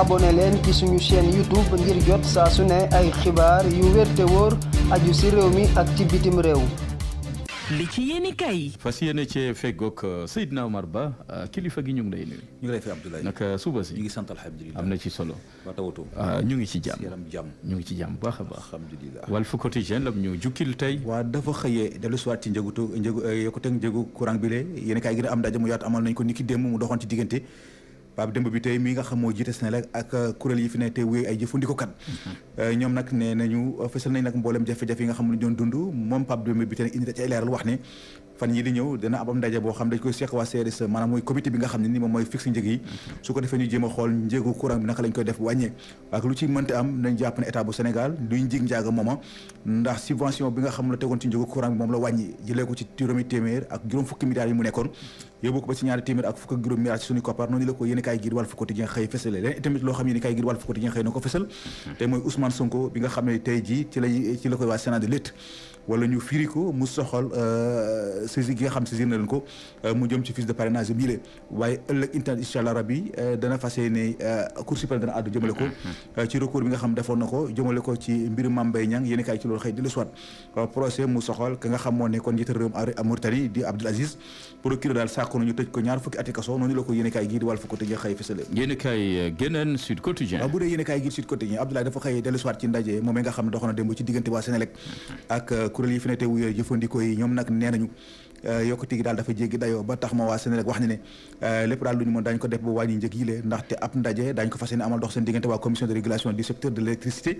abone leen ci suñu chaîne YouTube ngir jot saa su ne ay xibaar yu wér te wóor aju si réew mi ak ci bitim réew. li ci yéeni kay. fas yéene cee feggoog euh, Seydina Omar Ba euh, kilifa gi ñu ngi lay nuyu. ñu ngi lay fay Abdoulaye. naka euh, suba si ñu ngi sant am na ci solo. ba tawatoo ñu ngi ci jàmm ñu ngi ci jàmm baax a baax. alhamdulilah Walf Quotidien lam ñu jukkil tey. waa dafa xëyee dellu si waat ci njëgu njëgu yokkuteeg njëgu courant bi lee yéen kay gi am ndaje mu yaat amal nañ ko niki démb mu doxoon ci diggante. Pape Demba bi tey mi nga xam moo jiite Senelec ak euh, kuréel yi fi ne te wéy ay jëfandikokat euh, ñoom nag ne nañu fësal nañ nag mboolem jafe-jafe yi nga xam ne doon dund moom Pape Demba bi tey indi ci ay wax ne fan yii di ñëw dina am ndaje boo xam dañ koy seq waa CRS maanaam mooy comité bi nga xam ne ni mooy fixe njëg yi su ko defee ñu jéem a xool njëgu courant bi naka bi nga xam na te mooy Ousmane Sonko bi nga xam ne tey jii ci lay ci la koy waa Sénat de létt ñu firi ko mu soxal euh, saisi gi nga xam na leen ko euh, mu jëm ci fiche de parrainage bi lee waaye ëllëg intan incha allah rabbi euh, dana fas yéene euh, cour suprême dana àddu jëmale ko mm-hmm. ci recours bi nga xam defoon na ko jëmale ko ci mbiru Mame Mbaye Niang yéen kaay ci loolu mu soxal ka nga xam moo nekkoon njiital réewum a Mauritanie di Abdoul Aziz procureur daal sàkku nañu tëj ko ñaar fukki ati kaso noonu la ko yéen kaay gii fa ko tëjee xëy fësale yéen geneen Sud Quotidien bu waa Sénélec mm-hmm. ak kuréel ñoom nag nee Euh, yokkute gi daal dafa jéggi dayoo ba tax ma waa Senelec wax ne ne euh, lépp daal lu ñu mën daañu ko def ba wàññi njëg yi lee ndaxte ab ndaje daañu ko fas yéene amal dox seen diggante waa commission de régulation du secteur de l'électricité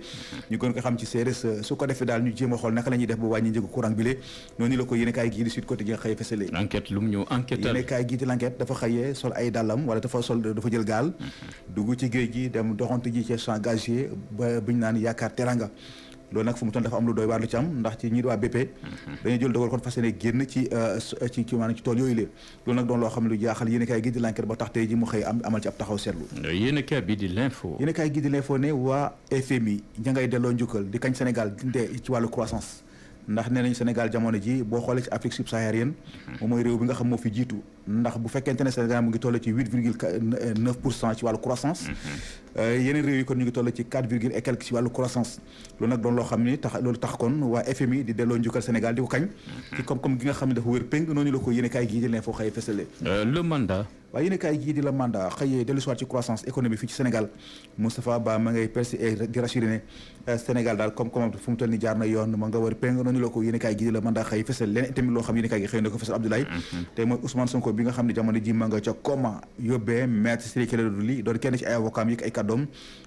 ñu gën ko xam ci CRS euh, su ko defee daal ñu jéem a xool naka la ñuy def ba wàññi njëgu courant bi lee noonu la ko yéene gii di Sud Quotidien xëy fësale enquête lu mu ñëw enquête dafa sol dafa jël gaal mm-hmm. dugg ci géej gi dem doxante ji naan yaakaar teranga loolu nag fu mu toll dafa am lu doy waar lu ci am ndax ci ñi waa BP mhm. dañu jël dogal kon fas génn euh, ci tool yooyu la loolu nag doon loo xam lu jaaxal yéen kaay gi di l'enquête ba tax tey ji mu xëy am amal ci ab taxaw seetlu yéen kaay bi di l'info yéen ne waa FMI ña ngay delloo njukkal di kañ Sénégal dinde ci wàllu croissance ndax nee nañ Sénégal jamono ji boo xoolee ci Afrique subsaharienne mhm. moom mooy réew bi nga xam moo fi jiitu ndax bu fekkente ne Sénégal mu ngi toll ci huit mhm. euh, kon ñu ngi toll ci quatre virgule et ci wàllu croissance loolu nag doon loo xam ni tax loolu tax kon waa FMI di delloo njukkal Sénégal di ko kañ mhm. ci koom-koom gi nga xam ne dafa wér péng noonu la ko yéene kaay gii di foo xëy fësale euh, le mandat waaye yéen kaay gii di la mandat xëyee dellu siwaat ci croissance économique fii ci Sénégal Moustapha Ba ma ngay persi di rassuré euh, Sénégal daal koom-koomam fu ni jaar na yoon ma nga war péng noonu la ko yéen kaay gii di la mandat xëy fesal leneen tamit loo xam yéen kaay gi xëy na ko fesal Abdoulaye mm-hmm. te mooy Ousmane Sonko bi nga xam ne jamono ji ma nga ca coma yóbbee maître Ciré Clédor Ly doon kenn ci ay avocat yi ak ay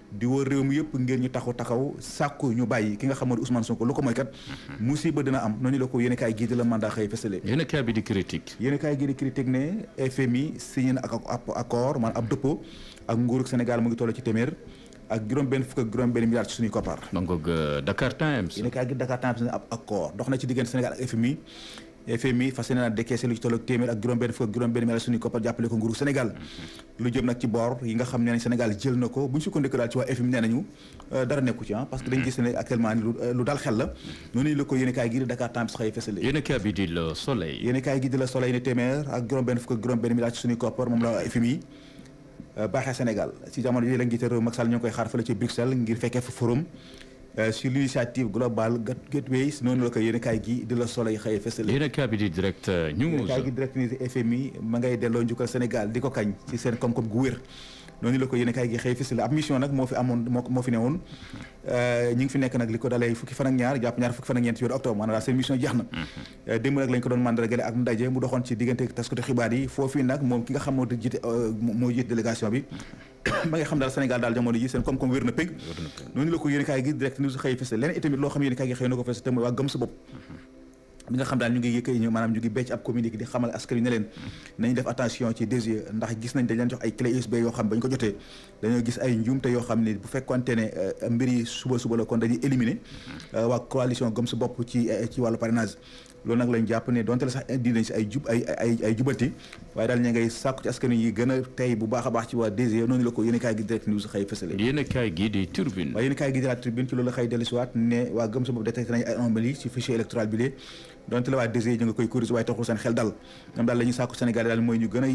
di wër réew mi yëpp ngeen ñu taxaw taxaw sàkku ñu bàyyi ki nga xam ne Ousmane Sonko lu ko mooy kat mhm. musiba dina am noonu la ko yéen a kaay gii di la mandat xëy fësale yéen a kaay bi di gii di critique ne FMI signé na ak ab accord maanaam ab dëppoo ak nguurug Sénégal mu ngi toll ci téeméer ak juróom benn fukk ak juróom benn milliard ci suñuy koppar donc euh, Dakar Times yéen a kaay gi dox na ci diggante Sénégal ak FMI FMI fas yéene na décaissé lu ci toll téeméer ak juróom-benn fukk ak mm-hmm. nga xam ne Sénégal jël na ko bu ñu sukkandiku daal ci waa FMI nee nañu euh, dara nekku ci ah parce euh, mm-hmm. ko yéen kaay gi di Dakar Times moom la FMI euh, baaxee Sénégal si jamono yi la njiite réew ñoo koy xaar fële ci Bruxelles ngir fekkee fa forum Euh, sur l'initiative globale Gateways noonu la ko yéen a kaay gi di la Soleil xëy fësal. yéen a kaay direct news yéen a kaay gi direct news FMI ma ngay delloo njukkal Sénégal di ko kañ ci seen koom-koom gu wér. noonu la ko yéen a kaay gi xëy fës ab mission nag moo fi amoon moo fi newoon euh, ñi ngi fi nekk nag li ko dalay fukki fan ñaar jàpp ñaar fukki fan ñeent yoru octobre maanaam daal seen mission jeex na mm-hmm. euh, démb nag lañ ko doon mandargale ak ndaje mu doxoon ci diggante taskatu xibaar yi foofii nag moom ki nga xam moo euh, jiite délégation bi ba mm-hmm. nga xam daal Sénégal daal jamono ji seen koom-koom wér na pég noonu la ko yéen a gi direct news xëy fës leneen bi nga xam daal ñu ngi yëkkay ñu maanaam ñu ngi becc ab communiqué di xamal askan wi ne nañu def attention ci DG ndax gis nañ dañ leen jox ay clé USB yoo xam bañ ko jotee dañoo gis ay njuumte yoo xam ne bu fekkonte ne euh, mbir yi suba suba la kon dañuy éliminer euh, waa coalition gëm sa bopp ci euh, ci wàllu parrainage jàpp ne donte la indi nañ si ay jub ay ci askan yi gën a tey bu baax a baax ci waa DG noonu la ko yéen kaay ci loolu xëy dellusiwaat ne waa gëm sa bopp détecté nañ ay anomalie ci fichier électoral bi donte la waa désiré ñu nga koy corrigé waaye taxul seen xel dal ñoom daal la ñuy sàkku Sénégal daal mooy ñu gën a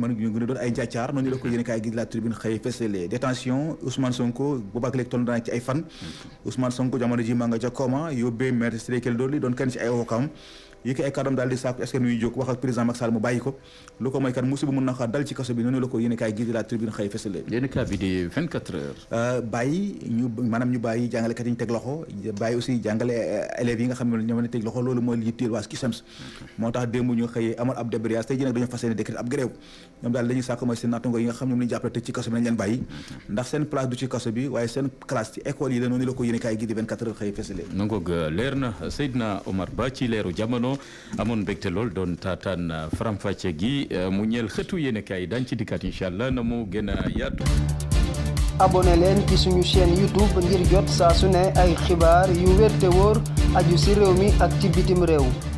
mën ñu gën a doon ay njaacaar noonu la ko yéen kaay gi la tribune xëy fesale détention Ousmane Sonko boobaak léegi toll naa ay fan Ousmane Sonko jamono ji maa nga ca coma yóbbee maître Ciré Clédor doon kenn ci ay wokkam yi ko ay daal di sàkku est-ce jóg wax ak président Macky Sall mu bàyyi ko lu ko mooy kat mun na xaar dal ci kaso bi noonu la ko yéen kaay di la tribune xëy fësale yéen kaay bi di 24 euh, euh, ci kaso bi Diallo amoon mbégte lool doon tataan uh, faram-fàcce gi uh, mu ñeel xëtu yéen kaay daañu ci dikkaat incha allah na mu gën a yaatu. abonné leen ci suñu chaîne YouTube ngir jot saa su ne ay xibaar yu wér te wóor aju si réew mi ak ci bitim réew.